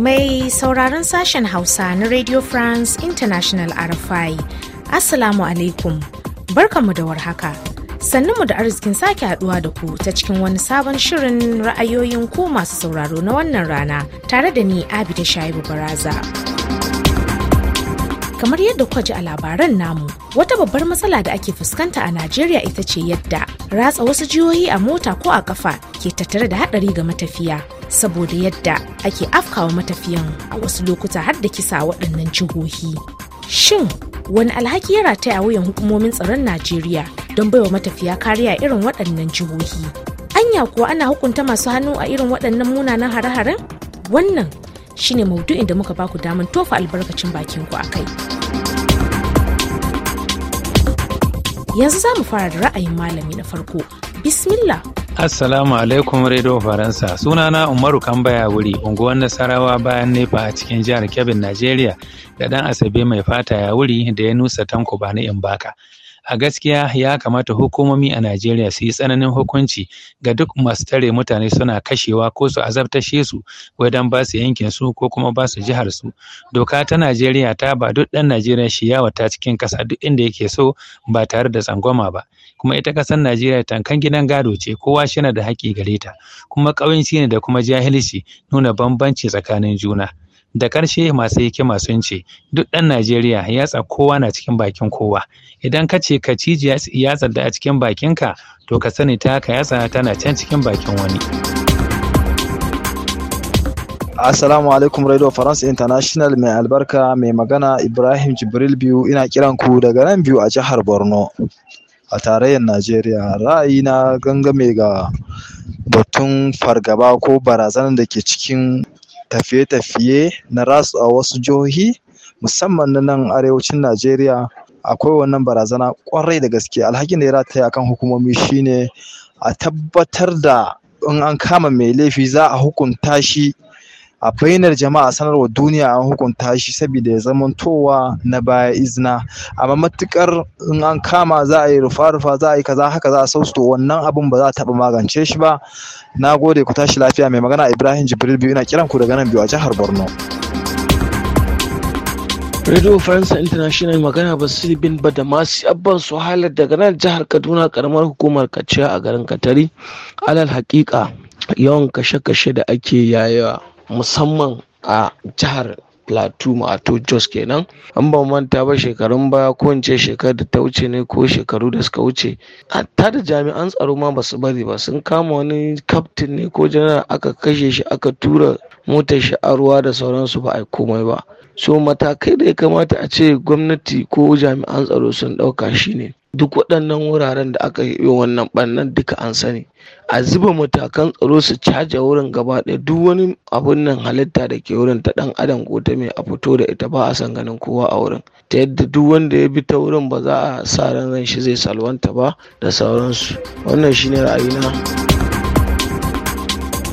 Mai sauraron sashen Hausa na Radio France International RFI, Assalamu alaikum, barkanmu da warhaka. mu da arzikin sake haduwa da ku ta cikin wani sabon shirin ra'ayoyin ku masu sauraro na wannan rana tare da ni Abida Shaibu Baraza. kamar yadda kwaji a labaran namu wata babbar matsala da ake fuskanta a najeriya ita ce yadda ratsa wasu jihohi a mota ko a kafa ke tattare da haɗari ga matafiya saboda yadda ake afkawa matafiyan a wasu lokuta har da kisa waɗannan jihohi. Shin wani alhaki ya a wuyan hukumomin tsaron Najeriya don baiwa matafiya kariya irin waɗannan jihohi? Anya kuwa ana hukunta masu hannu a irin waɗannan munanan hare-haren? Wannan shine maudu'in da muka baku daman tofa albarkacin bakin ku a kai. yanzu za mu fara da ra'ayin malami na farko bismillah Assalamu alaikum Radio Faransa. Sunana Umaru Kambaya wuri, unguwar Nasarawa bayan Nefa a cikin jihar Kebbi, Najeriya, da ɗan Asabe mai fata ya wuri da ya nusa tanko ba na Imbaka. a gaskiya ya kamata hukumomi a Najeriya su yi tsananin hukunci ga duk masu tare mutane suna kashewa ko su azabtashe su wajen ba su yankin su ko kuma ba su jihar su doka ta Najeriya ta ba duk ɗan Najeriya shi ta cikin ƙasa duk inda yake so ba tare da tsangwama ba kuma ita ƙasar Najeriya tankan gidan gado ce kowa shi na da haƙƙi gare ta kuma ƙawanci ne da kuma jahilci nuna bambanci tsakanin juna da ƙarshe masu hikima sun ce duk ɗan najeriya ya yatsa kowa na cikin bakin kowa idan ka ce ka ciji yatsar da a cikin bakinka to ka sani ta ka yatsa tana can cikin bakin wani Assalamu alaikum Radio France International mai albarka mai magana Ibrahim Jibril biyu ina kiran ku daga nan biyu a jihar Borno a tarayyar Najeriya ra'ayi na gangame ga batun fargaba ko barazanar da ke cikin tafiye-tafiye na rasu a wasu jihohi musamman na nan arewacin Najeriya akwai wannan barazana kwarai da gaske alhakin da ya rataya kan hukumomi shine a tabbatar da in an kama mai laifi za a hukunta shi a bainar jama'a sanarwar duniya an hukunta shi saboda ya zamantowa na baya izina amma matukar in an kama za a yi rufa-rufa za a yi kaza haka za a wannan abun ba za a taba magance shi ba na gode ku tashi lafiya mai magana ibrahim jibril biyu ina kiran ku daga nan biyu a jihar borno Radio Faransa International magana Basir bin Badamasi Abban halar daga nan jihar Kaduna karamar hukumar Kaciya a garin Katari. Alal hakika yawan kashe-kashe da ake yayawa musamman a jihar plateau ma'ato jos kenan an ba manta ba shekarun baya ko in ce shekarar da ta wuce ne ko shekaru da suka wuce ta da jami'an tsaro ma basu bari ba sun kama wani kaftin ne ko janar aka kashe shi aka tura motar shi a ruwa da sauransu ba a komai ba so matakai da ya kamata a ce gwamnati ko jami'an tsaro sun ɗauka shine duk waɗannan wuraren da aka yi wannan ɓannan duka an sani a zuba matakan tsaro su caja wurin gaba ɗaya duk wani abun nan halitta da ke wurin ta ɗan adam ko ta mai a fito da ita ba a san ganin kowa a wurin ta yadda duk wanda ya bi ta wurin ba za a sa ran ran shi zai salwanta ba da sauransu wannan shine ra'ayina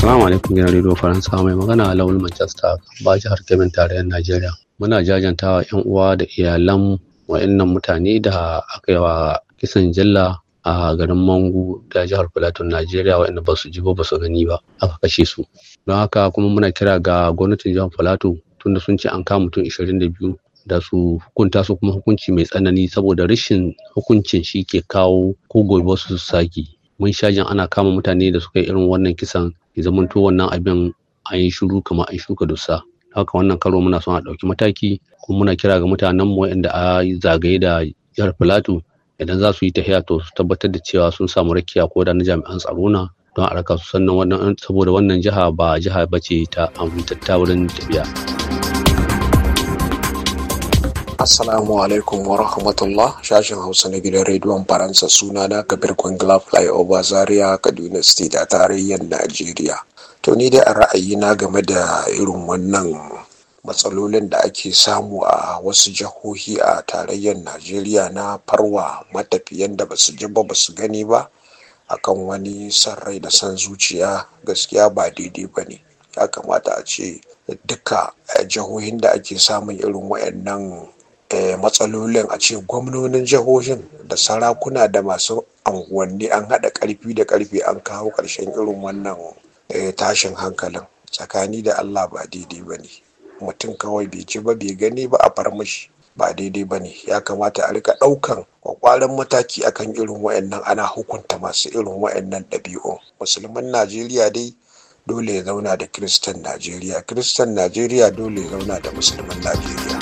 Salamu alaikum gidan Radio Faransa mai magana launin Manchester ba jihar Kebbin tarayyar Najeriya muna jajantawa 'yan uwa da iyalan wa'annan mutane da aka yi wa kisan jalla a garin mangu da jihar Filatin Najeriya waɗanda ba su ji ba su gani ba aka kashe su. Don haka kuma muna kira ga gwamnatin jihar Filato tunda sun ce an kama mutum 22 da su hukunta su kuma hukunci mai tsanani saboda rashin hukuncin shi ke kawo ko gobe su saki. Mun sha ana kama mutane da suka yi irin wannan kisan ya zamanto wannan abin an yi shiru kamar an shuka dusa. haka wannan karo muna son a ɗauki mataki kuma muna kira ga mutanen mu waɗanda a zagaye da jihar filatu idan za su yi tafiya to su tabbatar da cewa sun samu rakiya ko da na jami'an tsaro na don a raka su sannan wannan saboda wannan jiha ba jiha ba ce ta amintatta wurin tafiya. Assalamu alaikum wa rahmatullah shashin Hausa na gidan rediyon Faransa suna na Kabir Kwangla Flyover Zaria Kaduna State a tarayyar Najeriya. to ni dai a ra'ayi na game da irin wannan matsalolin da ake samu a wasu jihohi a tarayyar najeriya na farwa matafiyan da basu ji ba basu gani ba akan wani san rai da san zuciya gaskiya ba daidai ba ne ya kamata a ce duka eh, jihohin da ake samun irin wayannan eh, matsalolin a ce gwamnonin jihohin da sarakuna da masu anguwanni an haɗa ƙarfi da ƙarfi an kawo ƙarshen irin wannan Eh, tashin hankalin tsakani da allah ba daidai ba ne mutum kawai bai ci ba bai gani ba a far mashi ba daidai ba ne ya kamata a rika ɗaukan kwakwaran mataki akan irin wayannan ana hukunta masu irin wayannan ɗabi'u musulman najeriya dai dole ya zauna da kiristan najeriya kiristan najeriya dole ya zauna da musulman najeriya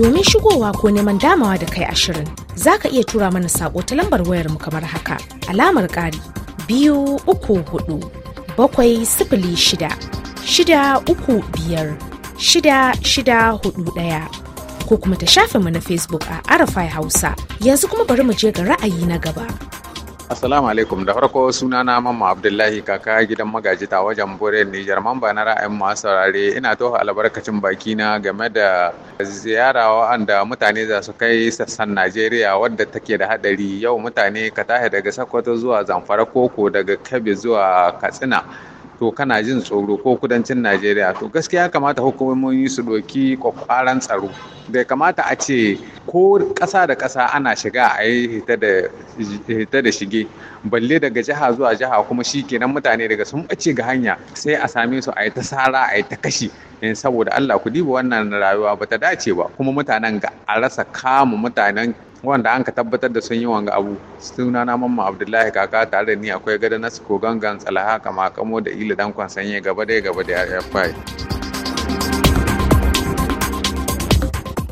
domin shigowa ko neman damawa da kai ashirin za ka iya tura mana sako ta lambar wayar mu kamar haka alamar ƙari biyu uku hudu bakwai sifili shida shida uku biyar shida shida hudu daya ko kuma ta shafe mu na facebook a arafai hausa yanzu kuma bari mu je ga ra'ayi na gaba. Assalamu alaikum da farko suna na mamma Abdullahi kaka gidan magaji ta wajen Bore Niger mamba na ra'ayin masu saurare ina toha albarkacin baki na game da ziyara wa'anda mutane za su kai sassan Najeriya wadda take da hadari yau mutane ka tashi daga Sokoto zuwa Zamfara koko daga Kebbi zuwa Katsina to kana jin tsoro ko kudancin najeriya to gaskiya kamata hukumomi su doki kwakwaran tsaro da kamata a ce ko ƙasa da ƙasa ana shiga a yi hita da shige balle daga jiha zuwa jiha kuma shi kenan mutane daga sun ɓace ga hanya sai a same su a yi ta sara a yi ta kashi In eh, saboda allah ku diba wannan rayuwa ba ta dace ba kuma mutanen ga a rasa kama mutanen wanda an ka tabbatar da sun yi wanga abu suna na mamma abdullahi kaka tare da ni akwai gada na ko gangan tsalaha kama kamo da ila dankon sanye gaba da gaba da ya fai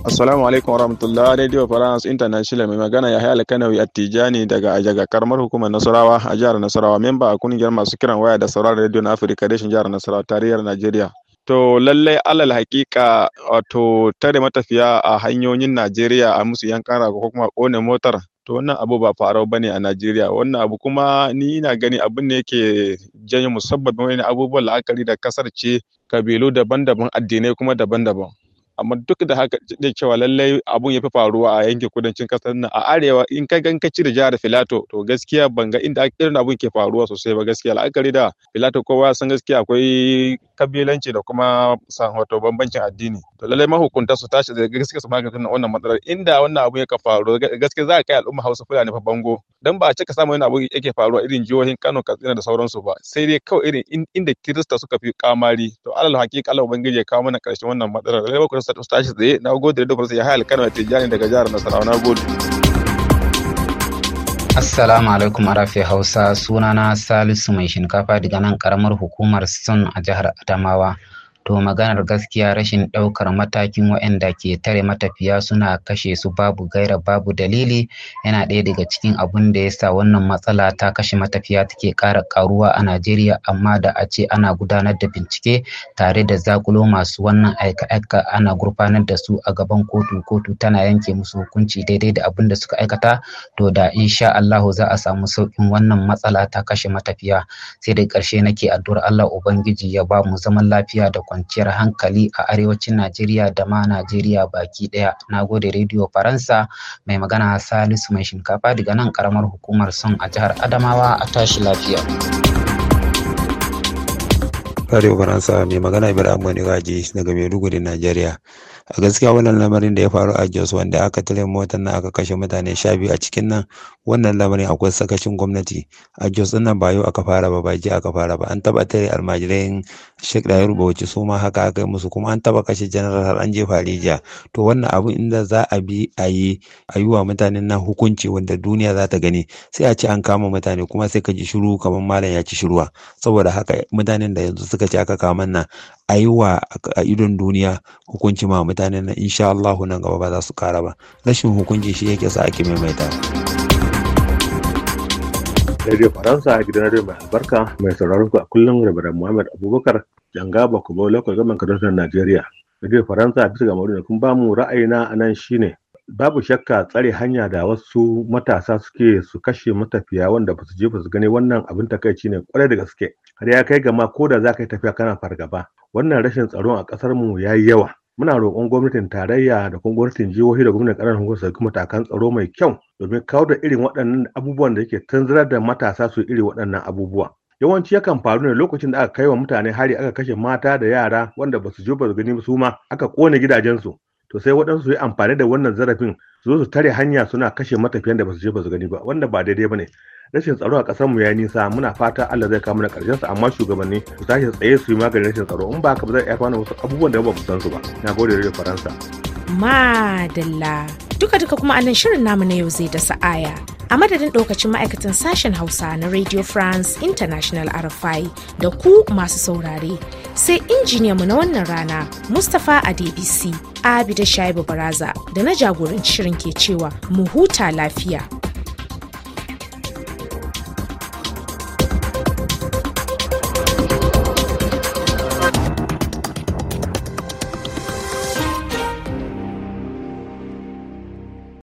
Assalamu alaikum warahmatullah Radio France International mai magana ya hayala Kanawi Attijani daga Ajaga karamar hukumar Nasarawa a jihar Nasarawa memba a kungiyar masu kiran waya da sauran radio na Afirka reshen jihar Nasarawa tarihar Najeriya. To lallai alal hakika wato tare matafiya a hanyoyin Najeriya a musu yankan rago ko kuma kone motar to wannan abu ba farau bane a Najeriya wannan abu kuma ni ina gani abin ne yake janyo musabbab wani abubuwan la'akari da kasar ce kabilu daban-daban addinai kuma daban-daban amma duk da haka da cewa lallai abun ya fi faruwa a yankin kudancin kasar nan a arewa in ka gan kaci da jihar filato to gaskiya banga inda irin abun ke faruwa sosai ba gaskiya la'akari da filato kowa san gaskiya akwai kabilanci da kuma san wato bambancin addini to lallai mahukunta su tashi da gaskiya su magance wannan matsalar inda wannan abu ya ka faru gaskiya za a kai al'umma Hausa Fulani fa bango dan ba a cika samun wannan abu yake faruwa irin jihohin Kano Katsina da sauransu ba sai dai kawai irin inda Kirista suka fi kamari to alal hakika Allah ubangiji ya kawo mana karshen wannan matsalar lallai mahukunta su tashi tsaye na gode da dokar sai ya hayal Kano da Tijjani daga jihar Nasarawa na gode Assalamu alaikum arafi Hausa sunana Salisu mai shinkafa daga nan karamar hukumar Sun a jihar Adamawa. To maganar gaskiya rashin ɗaukar matakin waɗanda ke tare matafiya suna kashe su babu gaira babu dalili yana ɗaya daga cikin abun da ya sa wannan matsala ta kashe matafiya take ƙara ƙaruwa a Najeriya amma da a ce ana gudanar da bincike tare da zakulo masu wannan aika-aika ana gurfanar da su a gaban kotu kotu tana yanke musu hukunci daidai da abunda da suka aikata to da insha Allahu za a samu sauƙin wannan matsala ta kashe matafiya sai da ƙarshe nake addu'ar Allah Ubangiji ya ba mu zaman lafiya da kwanciyar kwanciyar hankali a arewacin Najeriya da ma Najeriya baki ɗaya. Na gode Radio Faransa mai magana Salisu mai shinkafa daga nan karamar hukumar son a jihar Adamawa a tashi lafiya. Radio Faransa mai magana Ibrahim Wani Gaji daga Maiduguri, Najeriya. a gaskiya wannan lamarin da ya faru a jos wanda aka tare motar nan aka kashe mutane sha biyu a cikin nan wannan lamarin akwai sakashin gwamnati a jos ɗin nan ba yau aka fara ba ba aka fara ba an taba tare almajirai Sheikh da ya rubuce, su ma haka aka yi musu kuma an taba kashe general har an jefa rijiya to wannan abu inda za a bi a yi a yi wa mutanen nan hukunci wanda duniya za ta gani sai a ci an kama mutane kuma sai ka ji shiru kamar malam ya ci shiruwa saboda haka mutanen da yanzu suka ce aka kama nan a yi wa a idon duniya hukunci ma mutanen nan insha Allah nan gaba ba za su kara ba rashin hukunci shi yake sa ake maimaita. Radio Faransa a gidan radio mai albarka mai sauraron ku a kullum Rabaran Muhammad Abubakar Jangaba Kubo Local Government Kaduna Najeriya. Radio Faransa bisa ga maudu'in kun bamu ra'ayina a nan shine babu shakka tsare hanya da wasu matasa suke su kashe matafiya wanda ba su je ba su gani wannan abin takaici ne kwarai da gaske har ya kai gama ko da za ka yi tafiya kana fargaba wannan rashin tsaron a kasar mu ya yi yawa muna roƙon gwamnatin tarayya da kuma gwamnatin jihohi da gwamnatin ƙananan hukumar su matakan tsaro mai kyau domin kawo da irin waɗannan abubuwan da yake tanzarar da matasa su irin waɗannan abubuwa yawanci yakan faru ne lokacin da aka kai wa mutane hari aka kashe mata da yara wanda ba su je ba gani su ma aka kone gidajensu to sai waɗansu su yi amfani da wannan zarafin zo su tare hanya suna kashe matafiyan da ba su je ba su gani ba wanda ba daidai ba ne rashin tsaro a ƙasarmu mu ya nisa muna fata Allah zai kawo mana ƙarshen sa amma shugabanni su tashi tsaye su yi maganin rashin tsaro in ba ka ba zai iya kwana wasu abubuwan da ba mu san su ba gode da faransa madalla Duka-duka kuma anan shirin namu na yau zai da sa'aya. A madadin ɗaukacin ma'aikatan sashen Hausa na Radio France International RFI da ku masu saurare. Sai mu na wannan rana, Mustapha Adebisi, Abida Shaibu Baraza da na jagoranci shirin ke cewa mu huta lafiya.